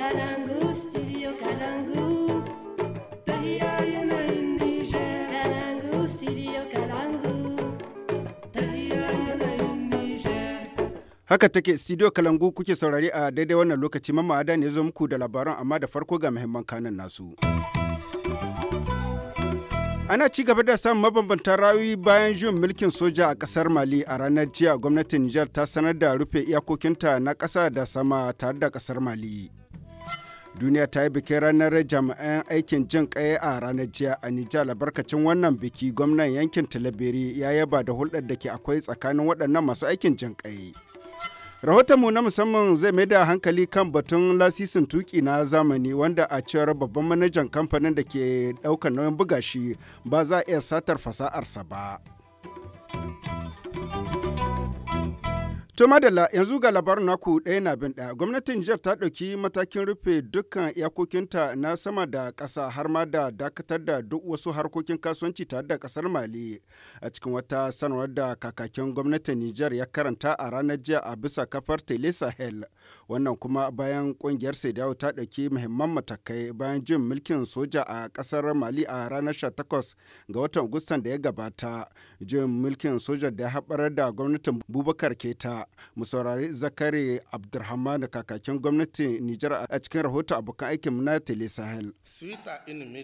Kalangu, Haka take studio Kalangu kuke saurari a daidai wannan lokaci mamma ada ne zo muku da labaran amma da farko ga muhimman kanan nasu. ana ci gaba da samun mabambantan rawi bayan juyin mulkin soja a kasar mali a ranar jiya gwamnatin nijar ta sanar da rufe iyakokinta na ƙasa da sama tare da kasar mali duniya ta yi bikin ranar jami'an aikin jin kai a ranar jiya a nijar albarkacin wannan biki gwamnan yankin talabiri ya yaba da hulɗar da ke akwai tsakanin waɗannan masu aikin jin kai rahotonmu na musamman zai mai da hankali kan batun lasisin tuki na zamani wanda a cewar babban manajan kamfanin da ke ɗaukar nauyin buga shi ba za a iya satar fasaharsa ba. To madalla yanzu ga labarin naku ɗaya na bin ɗaya. Gwamnatin jihar ta ɗauki matakin rufe dukkan iyakokinta na sama da ƙasa har ma da dakatar da duk wasu harkokin kasuwanci tare da ƙasar Mali. A cikin wata sanarwar da kakakin gwamnatin Nijar ya karanta a ranar jiya a bisa kafar Tele Sahel. Wannan kuma bayan ƙungiyar Saidawo ta ɗauki muhimman matakai bayan jin mulkin soja a ƙasar Mali a ranar 18 ga watan Agustan da ya gabata. Jin mulkin soja da ya haɓar da gwamnatin Bubakar Keta. mu saurari zakari abdulrahman kakakin gwamnatin nijar a cikin rahoton abokan aikin na tele sahel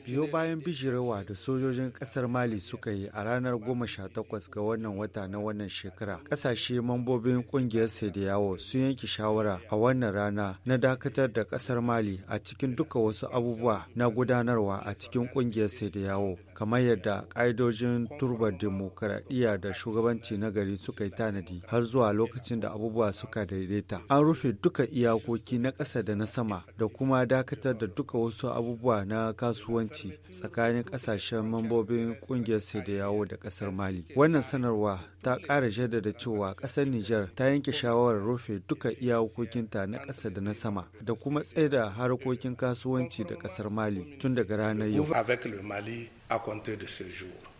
yau bayan bijirewa da sojojin kasar mali suka yi a ranar 18 ga wannan wata na wannan shekara kasashe mambobin kungiyar yawo sun yanke shawara a wannan rana na dakatar da kasar mali a cikin duka wasu abubuwa na gudanarwa a cikin kungiyar yawo kamar yadda ƙa'idojin turbar dimokuraɗiyya da shugabanci na gari suka yi tanadi har zuwa lokacin lokacin da abubuwa suka daidaita. An rufe duka iyakoki na ƙasa da na sama da kuma dakatar da duka wasu abubuwa na kasuwanci tsakanin ƙasashen mambobin ƙungiyar yawo da ƙasar Mali. Wannan sanarwa ta ƙara jaddada cewa ƙasar Nijar ta yanke shawarar rufe duka iyakokinta na ƙasa da na sama da kuma tsaida harkokin kasuwanci da ƙasar Mali tun daga ranar yau.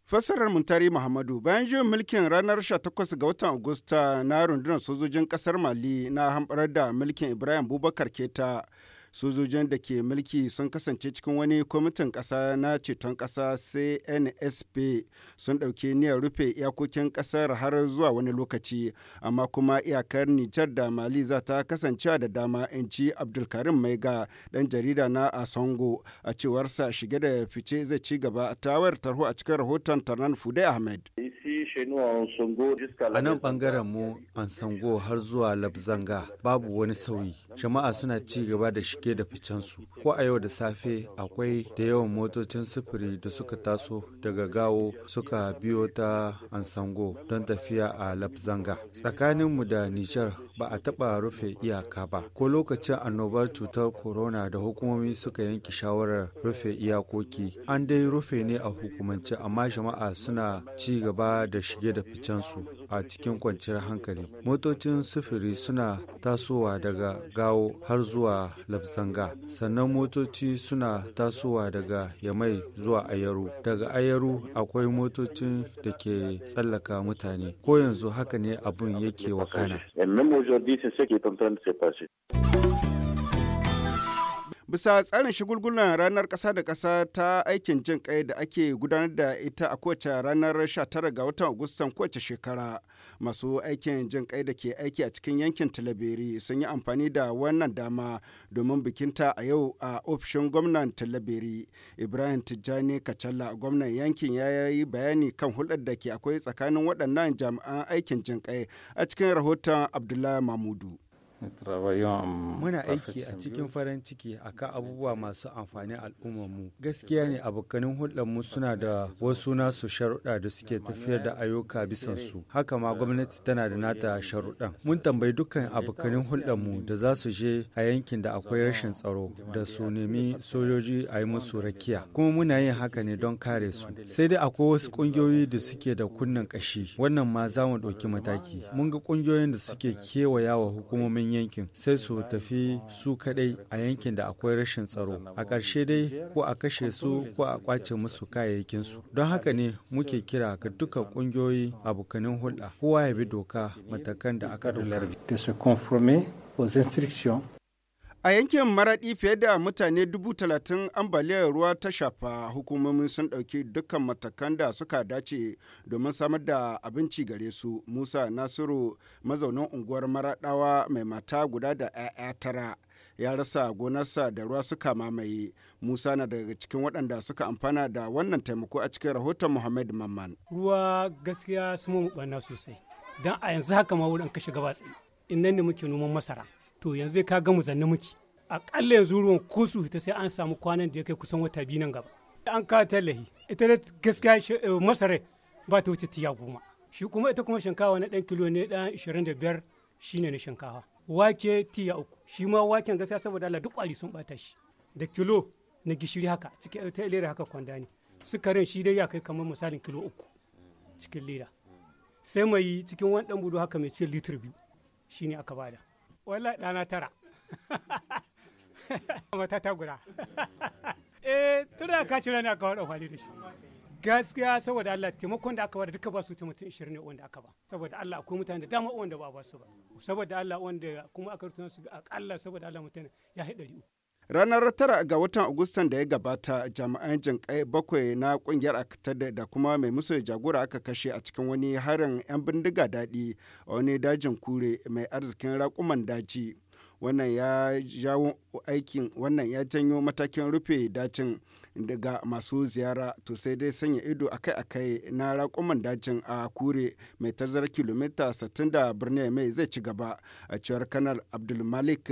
Fassarar Muntari Muhammadu bayan juyin mulkin ranar 18 ga watan Agusta na rundunar sojojin ƙasar Mali na hamɓarar da mulkin Ibrahim Bubakar Keta sojojin da ke mulki sun kasance cikin wani kwamitin ƙasa na ceton ƙasa cnsp sun ɗauki niyyar rufe iyakokin ƙasar har zuwa wani lokaci amma kuma iyakar nijar da mali za ta kasance da dama in ci abdulkarim maiga ɗan jarida na asongo a cewarsa shige da fice zai ci gaba a tawar tarho a cikin rahoton tarnan fude ahmed A nan ɓangaren mu an sango har zuwa Labzanga babu wani sauyi. Jama'a suna ci gaba da shige da su, Ko a yau da safe akwai da yawan motocin sufuri da suka taso daga gawo suka biyo ta an sango don tafiya a Labzanga. tsakanin mu da Nijar ba a taɓa rufe iyaka ba. Ko lokacin annobar cutar corona da hukumomi suka yanke shawarar rufe iyakoki. An dai rufe ne a hukumance amma jama'a suna ci gaba da shige da ficensu a cikin kwanciyar hankali motocin sufuri suna tasowa daga gawo har zuwa labsanga sannan motoci suna tasowa daga yamai zuwa ayaru daga ayaru akwai motocin da ke tsallaka mutane ko yanzu haka ne abun yake wakana Bisa tsarin shigulgulan ranar ƙasa da kasa ta aikin jin kai da ake gudanar da ita a kowace ranar 19 ga watan Agustan kowace shekara. Masu aikin jin kai da ke aiki a cikin yankin Talabiri sun yi amfani da wannan dama domin bikinta a yau a ofishin gwamnan Talabiri. Ibrahim Tijjani Kacalla gwamnan yankin ya yi bayani kan hulɗar da ke akwai tsakanin waɗannan jami'an aikin jin kai a cikin rahoton Abdullahi Mamudu. Muna aiki a cikin farin ciki a kan abubuwa masu amfani al'ummarmu. Gaskiya ne abokanin hulɗarmu suna da wasu nasu sharuɗa da suke tafiyar da ayyuka bisan su. Haka ma gwamnati tana da nata sharuɗan. Mun tambayi dukkan abokanin hulɗarmu da za su je a yankin da akwai rashin tsaro da su nemi sojoji a yi musu rakiya. Kuma muna yin haka ne don kare su. Sai dai akwai wasu ƙungiyoyi da suke da kunnen ƙashi. Wannan ma za mu ɗauki mataki. Mun ga ƙungiyoyin da suke kewaya wa hukumomin mutanen yankin sai su tafi su kadai a yankin da akwai rashin tsaro a ƙarshe dai ko a kashe su ko a kwace musu kayayyakinsu don haka ne muke kira ga duka ƙungiyoyi abokanin hulɗa kowa ya bi doka matakan da aka ɗauka. A yankin Maraɗi fiye da mutane dubu talatin ambaliyar ruwa ta shafa hukumomin sun ɗauki dukkan matakan da suka dace domin samar da abinci gare su. Musa Nasiru mazaunin unguwar Maraɗawa mai mata guda da 'ya'ya tara. ya rasa gonarsa da ruwa suka mamaye musa na daga cikin waɗanda suka amfana da wannan taimako a cikin rahoton muhammad mamman ruwa gaskiya sun mu sosai don a yanzu haka ma wurin kashe gabatsi in nan ne muke noman masara to yanzu zai ka ga mu zanne A kalla yanzu ruwan kusu ta sai an samu kwanan da ya kai kusan wata biyu nan gaba an ta tallahi ita da gaskiya eh, masarai ba ta wuce tiya goma shi kuma ita kuma shinkawa na dan kilo ne dan 25 shine na shinkawa wake tiya uku shi ma waken gaskiya saboda Allah duk kwari sun bata shi da kilo na gishiri haka cikin eh, ta lera haka kwanda ne sukarin shi dai ya kai kamar misalin kilo uku cikin leda sai mai cikin wani dan budu haka mai cin litir biyu shine aka bada wala ɗana tara mata ta guda eh tun da ka cire ne aka wada kwali da shi gaskiya saboda Allah taimakon da aka wada duka ba su ta mutum 20 ne wanda aka ba saboda Allah akwai mutane da dama wanda ba ba su ba saboda Allah wanda kuma aka rutuna su ga akalla saboda Allah mutane ya hi 300 Ranar tara ga watan Agustan da ya gabata jami'an jinƙai bakwai na ƙungiyar Akatada da kuma mai musu jagora aka kashe a cikin wani harin 'yan bindiga daɗi a wani dajin kure mai arzikin raƙuman daji. wannan ya jawo aikin wannan ya janyo matakin rufe dacin daga masu ziyara to sai dai sanya ido akai-akai na raƙuman dacin a kure mai tazarar kilomita 60 da birnin mai zai ci gaba a cewar kanar abdulmalik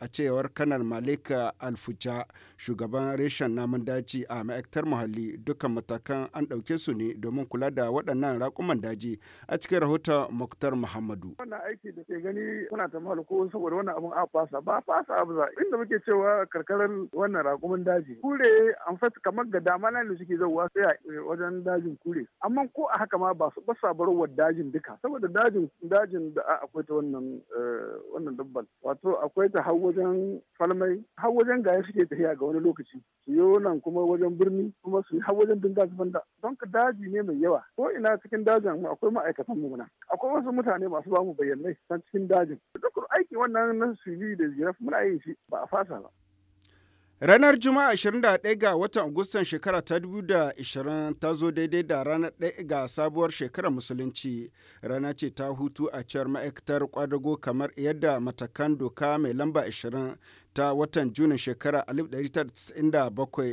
a cewar kanar malik alfuja shugaban reshen namun daji a ma'aikatar muhalli dukkan matakan an ɗauke su ne domin kula da waɗannan raƙuman daji a cikin rahoton muktar muhammadu. wannan aiki da ke gani suna ta ko saboda wannan abun a fasa ba fasa abu za inda muke cewa karkarar wannan rakuman daji kure an fata kamar ga dama nan da suke zauwa sai a eh, wajen dajin kure amma ko a haka ma ba su ba wa dajin duka saboda dajin dajin da akwai ta wannan eh, wannan dabbal wato akwai ta har wajen falmai har wajen gaya suke tafiya ga wani lokaci su yi nan kuma wajen birni kuma su yi har wajen dinga zuban da don ka daji ne mai yawa ko ina cikin dajin mu akwai ma'aikatan mu akwai wasu mutane masu ba mu bayyanai san cikin dajin duk aiki wannan na suvi da jiraf muna yin shi ba a fasa ba Ranar Juma'a 21 ga watan Agustan shekara ta 2020 ta zo daidai da ranar 1 ga sabuwar shekarar Musulunci. Rana ce ta hutu a cewar ma'aikatar kwadago kamar yadda matakan doka mai lamba 20 ta watan Junin shekara 1997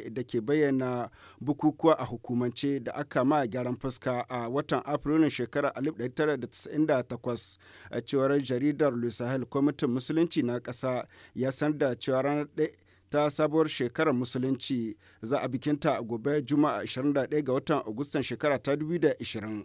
da ke bayyana bukukuwa a hukumance da aka ma gyaran fuska a watan Afrilun shekara 1998 a cewar jaridar Lusahel Kwamitin Musulunci na ƙasa ya san da cewa ranar ta sabuwar shekarar musulunci za a bikinta gobe juma'a 21 ga watan agustan shekara ta 2020.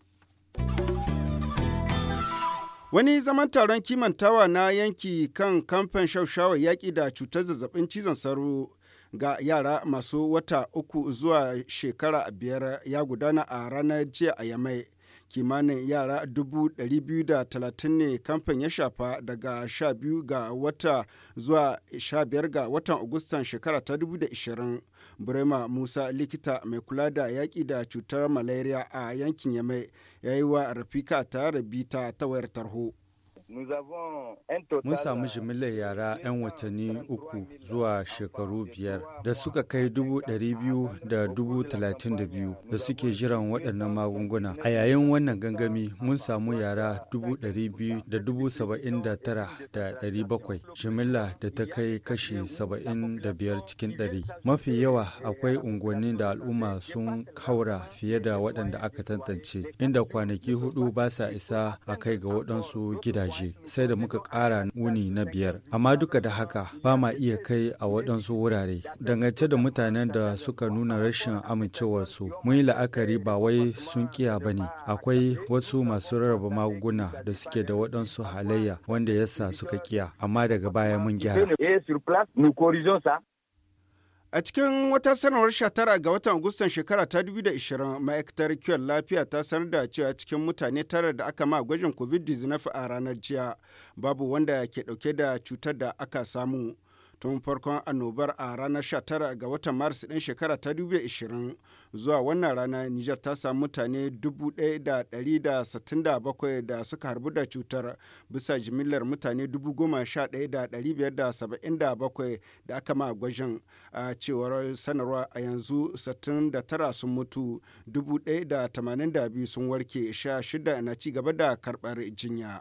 Wani zaman taron kimantawa na yanki kan kamfen shaushawa yaƙi da cutar zazzabin cizon sauro ga yara masu wata uku zuwa shekara biyar ya gudana a ranar jiya a Yamai. kimanin yara 230 ne kamfan ya shafa daga 12 ga wata zuwa 15 ga watan agustan shekara ta 2020 burema musa likita mai kula da yaƙi da cutar malaria a yankin yamai ya yi wa rafika ta rabita ta wayar tarho Mun samu jimillar yara 'yan watanni uku zuwa shekaru biyar da suka kai dubu dari biyu da dubu talatin da biyu da suke jiran waɗannan magunguna. A yayin wannan gangami mun samu yara dubu dari biyu da dubu saba'in da tara da ɗari bakwai jimilla da ta kai kashi saba'in da biyar cikin ɗari. Mafi yawa akwai unguwanni da al'umma sun haura fiye da waɗanda aka tantance inda kwanaki hudu ba sa isa a kai ga waɗansu gidaje. waje sai da muka ƙara wuni na biyar. Amma duka da haka ba ma iya kai a waɗansu wurare. Dangance da mutanen da suka nuna rashin amincewarsu, mun yi la'akari ba wai sun kiya ba ne. Akwai wasu masu rarraba magunguna da suke da waɗansu halayya wanda yasa suka kiya, amma daga baya mun gyara. Eh, A cikin wata sanarwar sha tara ga watan Agustan shekara ta da 2020, ma'aikatar kiwon lafiya ta sanar da cewa cikin mutane tara da aka ma gwajin COVID-19 a ranar jiya, babu wanda ke dauke da cutar da aka samu. tun farkon annobar a ranar 19 ga watan maris din shekara ta 2020 zuwa wannan rana nijar ta samu mutane 1,167 da suka harbu da cutar bisa jimillar mutane 11,577 da aka ma gwajin a cewar sanarwa a yanzu 69 sun mutu 1,082 sun warke 16 na ci gaba da karbar jinya.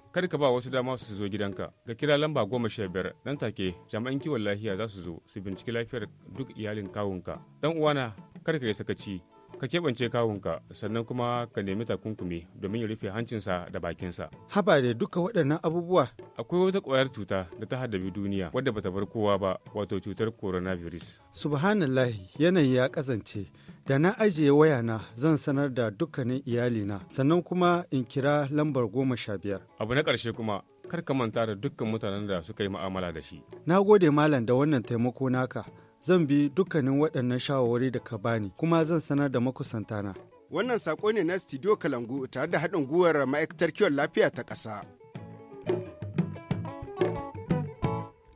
Kar ka ba wasu dama su zo gidanka ga kira lamba goma sha biyar nan take jami'an kiwon lafiya za su zo su binciki lafiyar duk iyalin kawunka dan uwana kar ka yi sakaci ka keɓance kawunka sannan kuma ka nemi takunkumi domin ya rufe hancinsa da bakinsa. Haba da duka waɗannan abubuwa. Akwai wata ƙwayar cuta da ta haddabi duniya wadda bata bar kowa ba wato cutar coronavirus. Subhanallah yanayi ya kasance Da na ajiye waya na zan sanar da dukkanin iyalina sannan kuma in kira lambar goma sha biyar. Abu na ƙarshe kuma kar ka manta da dukkan mutanen da suka yi ma'amala da shi. Na gode malam da wannan taimako naka. Zan bi dukkanin waɗannan shawarwari da ka bani kuma zan sanar da makusantana. Wannan saƙo ne na Studio Kalangu tare da haɗin gwiwar ma'aikatar kiwon lafiya ta ƙasa.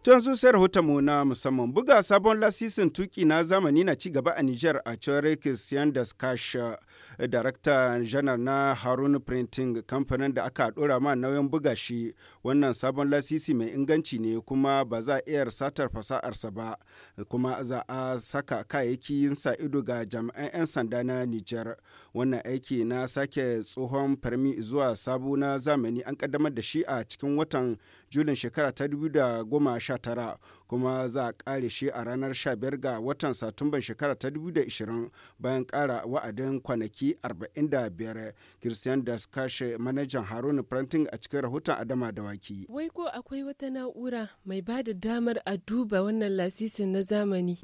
Tun su sai mu na musamman buga sabon lasisin tuki na zamani na ci gaba a niger a cewar Christian cash eh, director Janar na Harun Printing, kamfanin da aka dora ma nauyin buga shi. Wannan sabon lasisi mai inganci ne kuma ba za a iya satar fasa'arsa ba, kuma za a saka kayayyakin sa ido ga jami'an 'yan sanda na niger Wannan aiki na sake tsohon farmi zuwa sabo na zamani an kaddamar da shi a cikin watan Julin shekara ta 2019 kuma za a kare shi a ranar 15 ga watan Satumban shekara ta 2020 bayan kara wa'adin kwanaki 45. Christian kashe manajan Haruna Printing a cikin rahoton Adama da waki. Wai ko akwai wata na'ura mai ba da damar a duba wannan lasisin na zamani?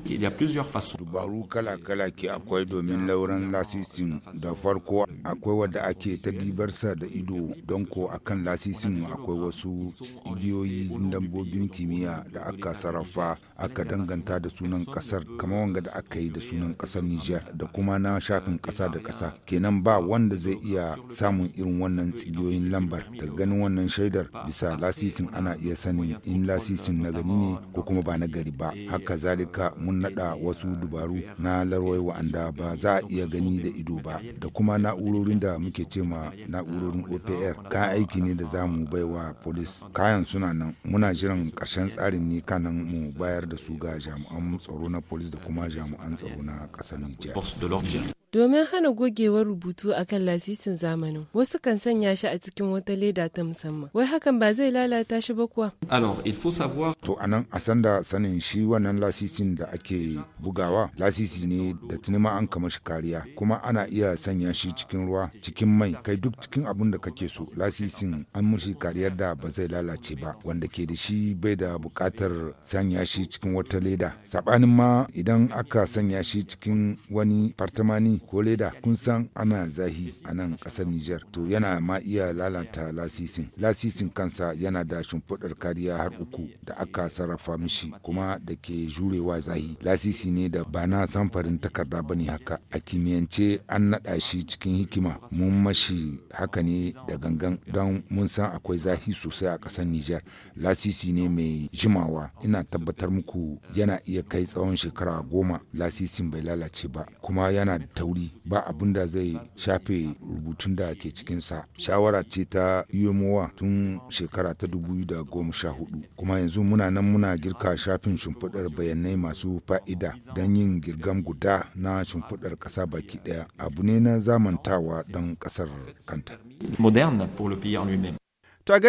Dubaru kala-kala ke akwai domin lauran lasisin da farko akwai wadda ake ta dibarsa da ido don ko akan lasisin akwai wasu igiyoyin dambobin kimiyya da aka sarrafa aka danganta da sunan kasar kamar wanga da aka yi da sunan kasar Nijar da kuma na shafin kasa da kasa kenan ba wanda zai iya samun irin wannan tsigiyoyin lambar da ganin wannan shaidar bisa lasisin ana iya sanin in lasisin na gani ne ko kuma ba na gari ba haka zalika mun nada wasu dubaru na larwai wa'anda ba za a iya gani da ido ba da kuma na'urorin da muke ce ma na'urorin OPR kayan aiki ne da za mu baiwa polis kayan suna nan muna jiran karshen tsarin ne kanan mu bayar da su ga jami'an tsaro na polis da kuma jami'an tsaro na ƙasar Nijar. Domin hana gogewar rubutu a kan lasisin zamanin, wasu kan sanya shi a cikin wata leda ta musamman. Wai hakan ba zai lalata shi ba kuwa? to To anan a sanda sanin shi wannan lasisin da ake bugawa, lasisi ne da tuni ma an kama shi kariya, kuma ana iya sanya shi cikin ruwa, cikin mai, kai duk cikin abin da kake so. Lasisin an mushi kariyar da ba zai lalace ba, wanda ke da shi bai da bukatar sanya shi cikin wata leda. Saɓanin ma idan aka sanya shi cikin wani fartamani ko leda kun san ana zahi a nan ƙasar Nijar to yana ma iya lalata lasisin. Lasisin kansa yana da shimfiɗar kariya har uku da aka sarrafa mishi kuma da ke jurewa zahi. Lasisi ne da ba na samfarin takarda ba ne haka. A kimiyyance an naɗa shi cikin hikima mun mashi haka ne da gangan don mun san akwai zahi sosai a ƙasar Nijar. Lasisi ne mai jimawa ina tabbatar muku yana iya kai tsawon shekara goma lasisin bai lalace ba kuma yana da sauri ba abin da zai shafe rubutun da ke cikinsa shawara ce ta yomowa tun shekara ta 2014 kuma yanzu muna nan muna girka shafin shimfiɗar bayanai masu fa'ida don yin girgam guda na shimfiɗar kasa baki ɗaya abu ne na zamantawa don kasar kanta. Moderne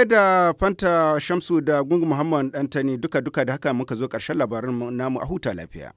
da fanta shamsu da gungu muhammad dantani duka-duka da haka muka zo ƙarshen labarin namu a huta lafiya.